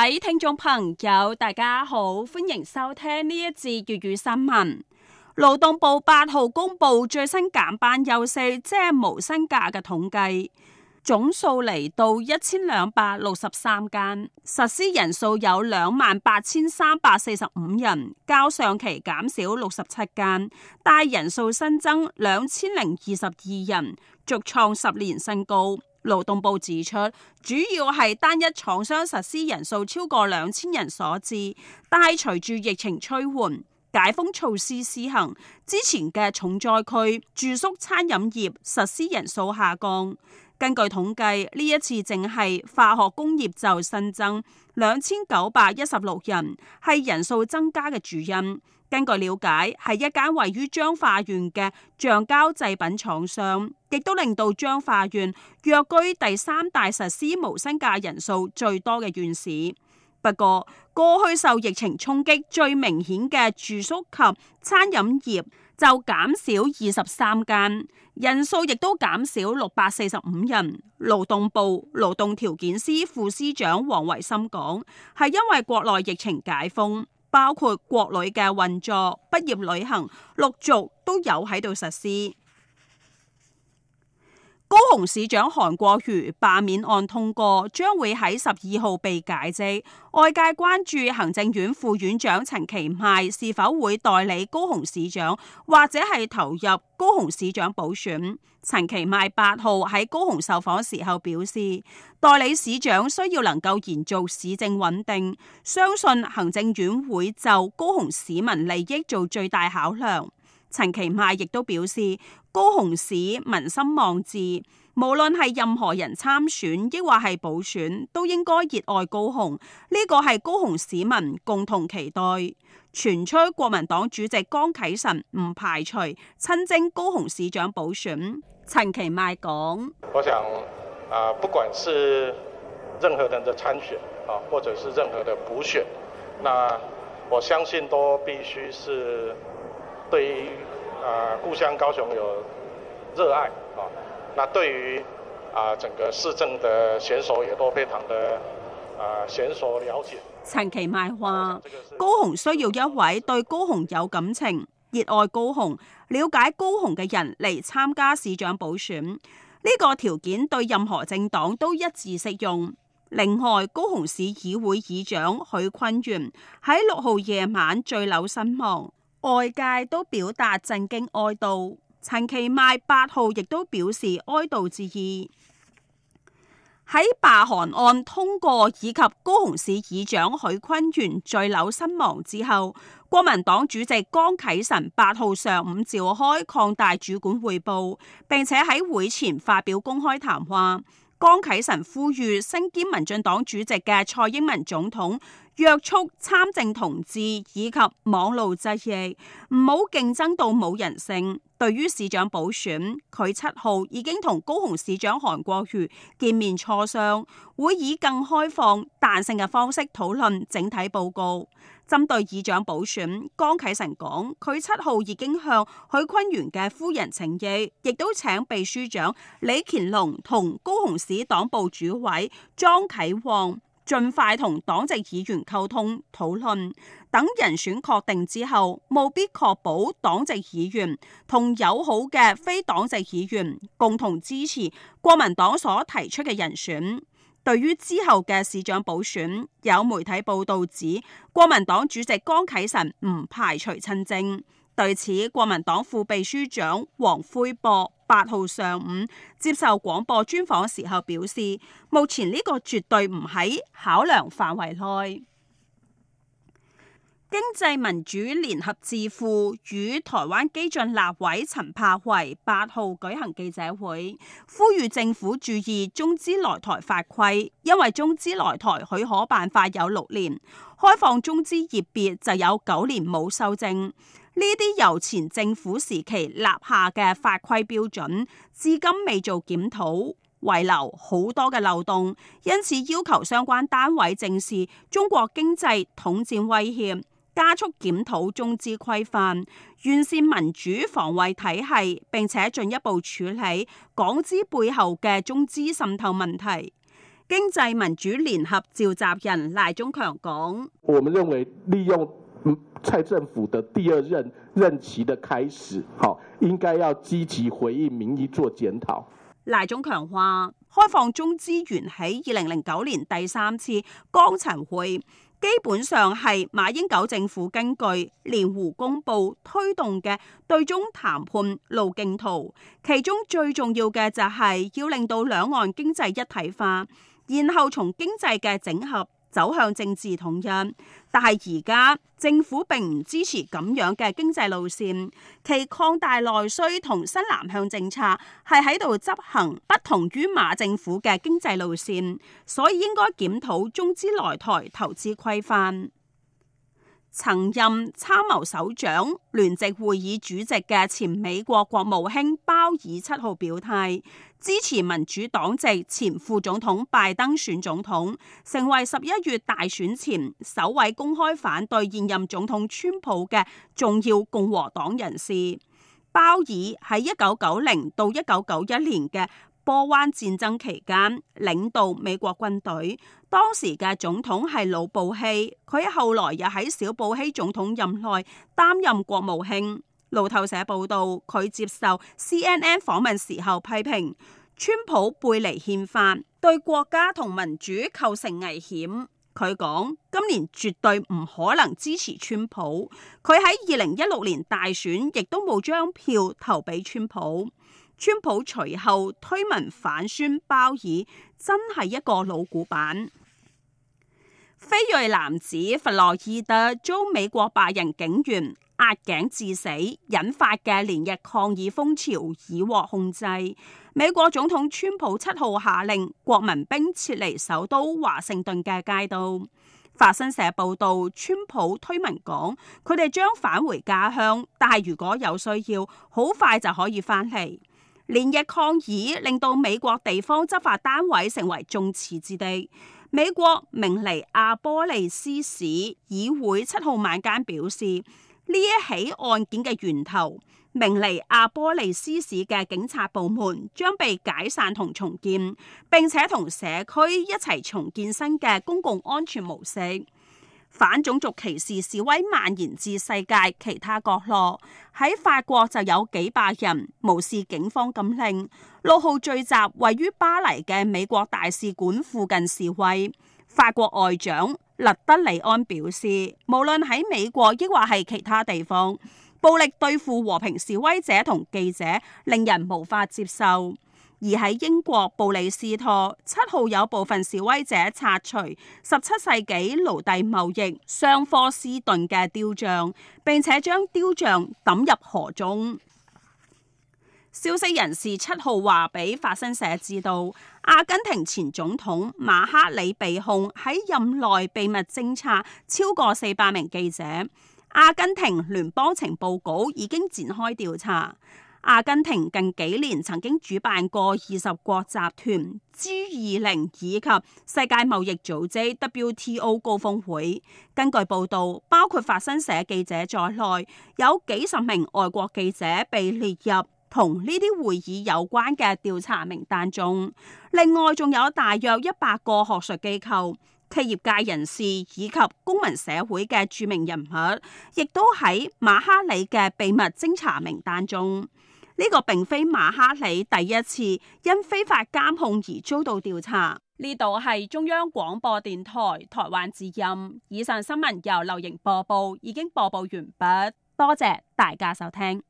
各位聽眾朋友，大家好，歡迎收聽呢一節粵語新聞。勞動部八號公布最新減班休息即係無薪假嘅統計，總數嚟到一千兩百六十三間，實施人數有兩萬八千三百四十五人，較上期減少六十七間，但人數新增兩千零二十二人，續創十年新高。勞動部指出，主要係單一廠商實施人數超過兩千人所致，但係隨住疫情趨緩、解封措施施行，之前嘅重災區住宿餐飲業實施人數下降。根據統計，呢一次淨係化學工業就新增兩千九百一十六人，係人數增加嘅主因。根據了解，係一間位於彰化縣嘅橡膠製品廠商，亦都令到彰化縣躍居第三大實施無薪假人數最多嘅縣市。不過，過去受疫情衝擊最明顯嘅住宿及餐飲業就減少二十三間，人數亦都減少六百四十五人。勞動部勞動條件司副司長黃維森講，係因為國內疫情解封。包括國旅嘅運作、畢業旅行，陸續都有喺度實施。高雄市長韓國瑜罷免案通過，將會喺十二號被解職，外界關注行政院副院長陳其邁是否會代理高雄市長，或者係投入高雄市長補選。陳其邁八號喺高雄受訪時候表示，代理市長需要能夠延續市政穩定，相信行政院會就高雄市民利益做最大考量。陳其邁亦都表示，高雄市民心望志，無論係任何人參選，亦或係補選，都應該熱愛高雄，呢個係高雄市民共同期待。傳出國民黨主席江啟臣唔排除親征高雄市長補選。陳其邁講：我想啊，不管是任何人的參選啊，或者是任何的補選，那我相信都必須是。對於啊，故鄉高雄有熱愛啊，那對於啊，整個市政嘅選手也都非常的啊，熟悉了解。陳其邁話：高雄需要一位對高雄有感情、熱愛高雄、了解高雄嘅人嚟參加市長補選。呢、這個條件對任何政黨都一致適用。另外，高雄市議會議長許崑源喺六號夜晚墜樓身亡。外界都表達震驚哀悼，陳其邁八號亦都表示哀悼致意。喺罷韓案通過以及高雄市議長許崑源墜樓身亡之後，國民黨主席江啟臣八號上午召開擴大主管匯報，並且喺會前發表公開談話。江啟臣呼籲身兼民進黨主席嘅蔡英文總統。約束參政同志以及網路側翼，唔好競爭到冇人性。對於市長補選，佢七號已經同高雄市長韓國瑜見面磋商，會以更開放、彈性嘅方式討論整體報告。針對議長補選，江啟臣講佢七號已經向許昆源嘅夫人請益，亦都請秘書長李乾龍同高雄市黨部主委莊啟旺，盡快同黨籍議員溝通討論，等人選確定之後，務必確保黨籍議員同友好嘅非黨籍議員共同支持國民黨所提出嘅人選。對於之後嘅市長補選，有媒體報道指，國民黨主席江啟臣唔排除親征。對此，國民黨副秘書長黃奎博八號上午接受廣播專訪時候表示，目前呢個絕對唔喺考量範圍內。經濟民主聯合智庫與台灣基進立委陳柏惟八號舉行記者會，呼籲政府注意中資來台法規，因為中資來台許可辦法有六年，開放中資業別就有九年冇修正。呢啲由前政府時期立下嘅法規標準至今未做檢討，遺留好多嘅漏洞，因此要求相關單位正視中國經濟統戰威脅，加速檢討中資規範，完善民主防衛體系，並且進一步處理港資背後嘅中資滲透問題。經濟民主連合召集人賴中強講。我們認為利用。蔡政府的第二任任期的開始，應該要積極回應民意，做檢討。賴中強話，開放中資源喺二零零九年第三次江陳會，基本上係馬英九政府根據連胡公報，推動嘅對中談判路徑圖，其中最重要嘅就係要令到兩岸經濟一體化，然後從經濟嘅整合。走向政治統一，但係而家政府並唔支持咁樣嘅經濟路線，其擴大內需同新南向政策係喺度執行不同於馬政府嘅經濟路線，所以應該檢討中資來台投資規範。曾任參謀首長聯席會議主席嘅前美國國務卿鮑爾七號表態支持民主黨籍前副總統拜登選總統，成為十一月大選前首位公開反對現任總統川普嘅重要共和黨人士。鮑爾喺一九九零到一九九一年嘅。波灣戰爭期間，領導美國軍隊，當時嘅總統係老布希，佢後來又喺小布希總統任內擔任國務卿。路透社報道，佢接受 CNN 訪問時候批評川普背離憲法，對國家同民主構成危險。佢講今年絕對唔可能支持川普，佢喺二零一六年大選亦都冇將票投俾川普。川普隨後推文反宣鮑爾真係一個老古板。非裔男子弗洛伊德遭美國白人警員壓頸致死，引發嘅連日抗議風潮已獲控制。美國總統川普七號下令國民兵撤離首都華盛頓嘅街道。法新社報道，川普推文講：佢哋將返回家鄉，但係如果有需要，好快就可以翻嚟。連日抗議令到美國地方執法單位成為眾矢之的。美國明尼亞波利斯市議會七號晚間表示，呢一起案件嘅源頭，明尼亞波利斯市嘅警察部門將被解散同重建，並且同社區一齊重建新嘅公共安全模式。反種族歧視示威蔓延至世界其他角落，喺法國就有幾百人無視警方禁令，六號聚集位於巴黎嘅美國大使館附近示威。法國外長勒德里安表示，無論喺美國亦或係其他地方，暴力對付和平示威者同記者，令人無法接受。而喺英國布里斯托，七號有部分示威者拆除十七世紀奴隸貿易商科斯頓嘅雕像，並且將雕像抌入河中。消息人士七號話俾法新社知道，阿根廷前總統馬克里被控喺任內秘密偵察超過四百名記者。阿根廷聯邦情報局已經展開調查。阿根廷近幾年曾經主辦過二十國集團 （G20） 以及世界貿易組織 （WTO） 高峰會。根據報道，包括法新社記者在內，有幾十名外國記者被列入同呢啲會議有關嘅調查名單中。另外，仲有大約一百個學術機構、企業界人士以及公民社會嘅著名人物，亦都喺馬哈里嘅秘密偵查名單中。呢個並非馬哈里第一次因非法監控而遭到調查。呢度係中央廣播電台台灣之音。以上新聞由劉瑩播報，已經播報完畢。多謝大家收聽。